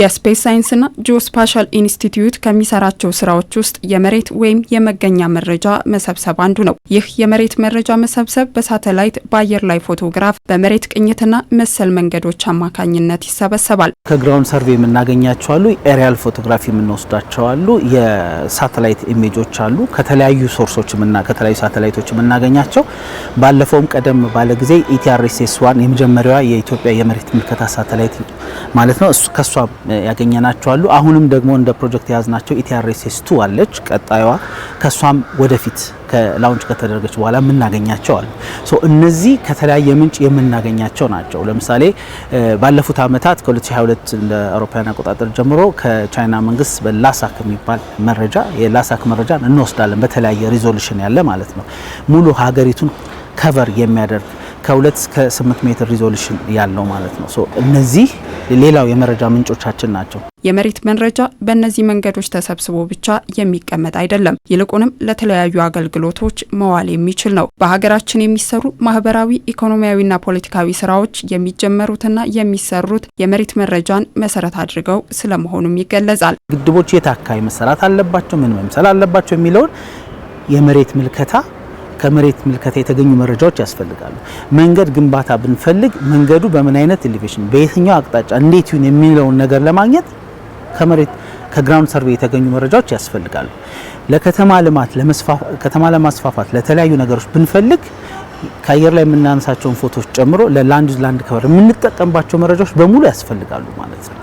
የስፔስ ሳይንስና ጂኦስፓሻል ኢንስቲትዩት ከሚሰራቸው ስራዎች ውስጥ የመሬት ወይም የመገኛ መረጃ መሰብሰብ አንዱ ነው። ይህ የመሬት መረጃ መሰብሰብ በሳተላይት በአየር ላይ ፎቶግራፍ፣ በመሬት ቅኝትና መሰል መንገዶች አማካኝነት ይሰበሰባል። ከግራውንድ ሰርቬ የምናገኛቸው አሉ፣ ኤሪያል ፎቶግራፊ የምንወስዳቸው አሉ፣ የሳተላይት ኢሜጆች አሉ። ከተለያዩ ሶርሶች ከተለያዩ ሳተላይቶች የምናገኛቸው ባለፈውም ቀደም ባለ ጊዜ ኢቲአርኤስኤስ ዋን የመጀመሪያዋ የኢትዮጵያ የመሬት ምልከታ ሳተላይት ማለት ነው ከእሷ ያገኘናቸው አሉ። አሁንም ደግሞ እንደ ፕሮጀክት የያዝናቸው ኢቲአርኤስኤስ ቱ አለች ቀጣዩዋ። ከሷም ወደፊት ከላውንች ከተደረገች በኋላ የምናገኛቸው አሉ። ሶ እነዚህ ከተለያየ ምንጭ የምናገኛቸው ናቸው። ለምሳሌ ባለፉት ዓመታት ከ2022 እንደ አውሮፓውያን አቆጣጠር ጀምሮ ከቻይና መንግስት በላሳክ የሚባል መረጃ የላሳክ መረጃን እንወስዳለን። በተለያየ ሪዞሉሽን ያለ ማለት ነው ሙሉ ሀገሪቱን ከቨር የሚያደርግ ከሁለት እስከ 8 ሜትር ሪዞሉሽን ያለው ማለት ነው። እነዚህ ሌላው የመረጃ ምንጮቻችን ናቸው። የመሬት መረጃ በእነዚህ መንገዶች ተሰብስቦ ብቻ የሚቀመጥ አይደለም። ይልቁንም ለተለያዩ አገልግሎቶች መዋል የሚችል ነው። በሀገራችን የሚሰሩ ማህበራዊ፣ ኢኮኖሚያዊና ፖለቲካዊ ስራዎች የሚጀመሩትና የሚሰሩት የመሬት መረጃን መሰረት አድርገው ስለመሆኑም ይገለጻል። ግድቦች የት አካባቢ መሰራት አለባቸው፣ ምን መምሰል አለባቸው የሚለውን የመሬት ምልከታ ከመሬት ምልከታ የተገኙ መረጃዎች ያስፈልጋሉ። መንገድ ግንባታ ብንፈልግ መንገዱ በምን አይነት ኤሌቬሽን፣ በየትኛው አቅጣጫ፣ እንዴት ይሁን የሚለውን ነገር ለማግኘት ከመሬት ከግራውንድ ሰርቬይ የተገኙ መረጃዎች ያስፈልጋሉ። ለከተማ ልማት ከተማ ለማስፋፋት ለተለያዩ ነገሮች ብንፈልግ ከአየር ላይ የምናነሳቸውን ፎቶዎች ጨምሮ ለላንድ ላንድ ከበር የምንጠቀምባቸው መረጃዎች በሙሉ ያስፈልጋሉ ማለት ነው።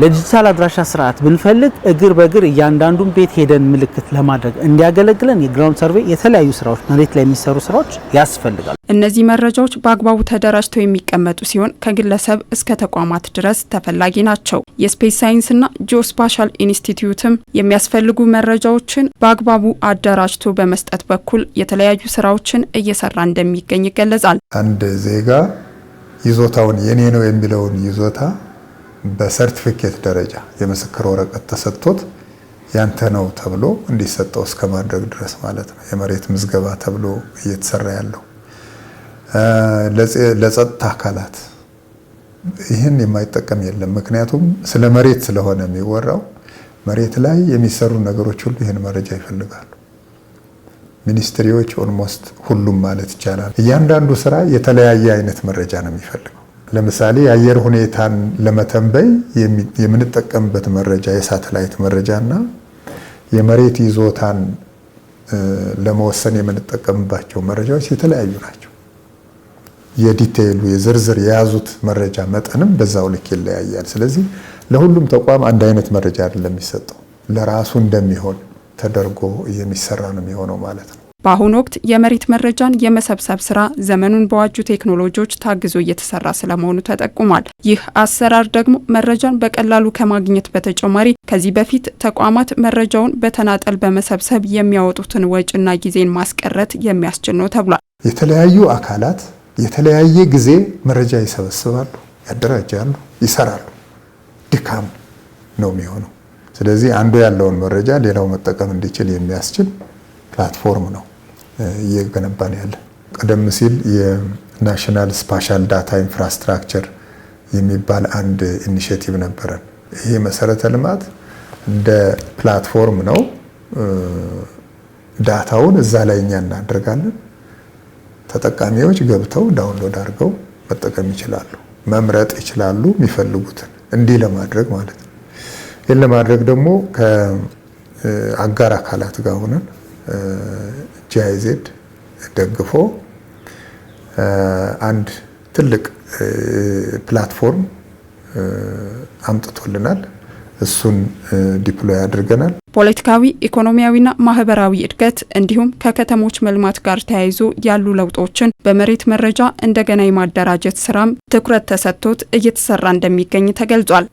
ለዲጂታል አድራሻ ስርዓት ብንፈልግ እግር በእግር እያንዳንዱን ቤት ሄደን ምልክት ለማድረግ እንዲያገለግለን የግራውንድ ሰርቬይ፣ የተለያዩ ስራዎች፣ መሬት ላይ የሚሰሩ ስራዎች ያስፈልጋል። እነዚህ መረጃዎች በአግባቡ ተደራጅተው የሚቀመጡ ሲሆን ከግለሰብ እስከ ተቋማት ድረስ ተፈላጊ ናቸው። የስፔስ ሳይንስና ጂኦስፓሻል ኢንስቲትዩትም የሚያስፈልጉ መረጃዎችን በአግባቡ አደራጅቶ በመስጠት በኩል የተለያዩ ስራዎችን እየሰራ እንደሚገኝ ይገለጻል። አንድ ዜጋ ይዞታውን የኔ ነው የሚለውን ይዞታ በሰርቲፊኬት ደረጃ የምስክር ወረቀት ተሰጥቶት ያንተ ነው ተብሎ እንዲሰጠው እስከ ማድረግ ድረስ ማለት ነው። የመሬት ምዝገባ ተብሎ እየተሰራ ያለው ለጸጥታ አካላት ይህን የማይጠቀም የለም። ምክንያቱም ስለ መሬት ስለሆነ የሚወራው መሬት ላይ የሚሰሩ ነገሮች ሁሉ ይህን መረጃ ይፈልጋሉ። ሚኒስትሪዎች ኦልሞስት ሁሉም ማለት ይቻላል እያንዳንዱ ስራ የተለያየ አይነት መረጃ ነው የሚፈልገው። ለምሳሌ የአየር ሁኔታን ለመተንበይ የምንጠቀምበት መረጃ የሳተላይት መረጃ እና የመሬት ይዞታን ለመወሰን የምንጠቀምባቸው መረጃዎች የተለያዩ ናቸው። የዲቴይሉ የዝርዝር የያዙት መረጃ መጠንም በዛው ልክ ይለያያል። ስለዚህ ለሁሉም ተቋም አንድ አይነት መረጃ አይደለም የሚሰጠው፣ ለራሱ እንደሚሆን ተደርጎ የሚሰራ ነው የሚሆነው ማለት ነው። በአሁኑ ወቅት የመሬት መረጃን የመሰብሰብ ስራ ዘመኑን በዋጁ ቴክኖሎጂዎች ታግዞ እየተሰራ ስለመሆኑ ተጠቁሟል። ይህ አሰራር ደግሞ መረጃን በቀላሉ ከማግኘት በተጨማሪ ከዚህ በፊት ተቋማት መረጃውን በተናጠል በመሰብሰብ የሚያወጡትን ወጪና ጊዜን ማስቀረት የሚያስችል ነው ተብሏል። የተለያዩ አካላት የተለያየ ጊዜ መረጃ ይሰበስባሉ፣ ያደራጃሉ፣ ይሰራሉ። ድካም ነው የሚሆነው። ስለዚህ አንዱ ያለውን መረጃ ሌላው መጠቀም እንዲችል የሚያስችል ፕላትፎርም ነው። እየገነባን ያለ። ቀደም ሲል የናሽናል ስፓሻል ዳታ ኢንፍራስትራክቸር የሚባል አንድ ኢኒሽቲቭ ነበረን። ይሄ መሰረተ ልማት እንደ ፕላትፎርም ነው። ዳታውን እዛ ላይ እኛ እናደርጋለን። ተጠቃሚዎች ገብተው ዳውንሎድ አድርገው መጠቀም ይችላሉ፣ መምረጥ ይችላሉ፣ የሚፈልጉትን እንዲህ ለማድረግ ማለት ነው። ይህን ለማድረግ ደግሞ ከአጋር አካላት ጋር ሆነን ጂአይዜድ ደግፎ አንድ ትልቅ ፕላትፎርም አምጥቶልናል። እሱን ዲፕሎይ አድርገናል። ፖለቲካዊ ኢኮኖሚያዊና ማህበራዊ እድገት እንዲሁም ከከተሞች መልማት ጋር ተያይዞ ያሉ ለውጦችን በመሬት መረጃ እንደገና የማደራጀት ስራም ትኩረት ተሰጥቶት እየተሰራ እንደሚገኝ ተገልጿል።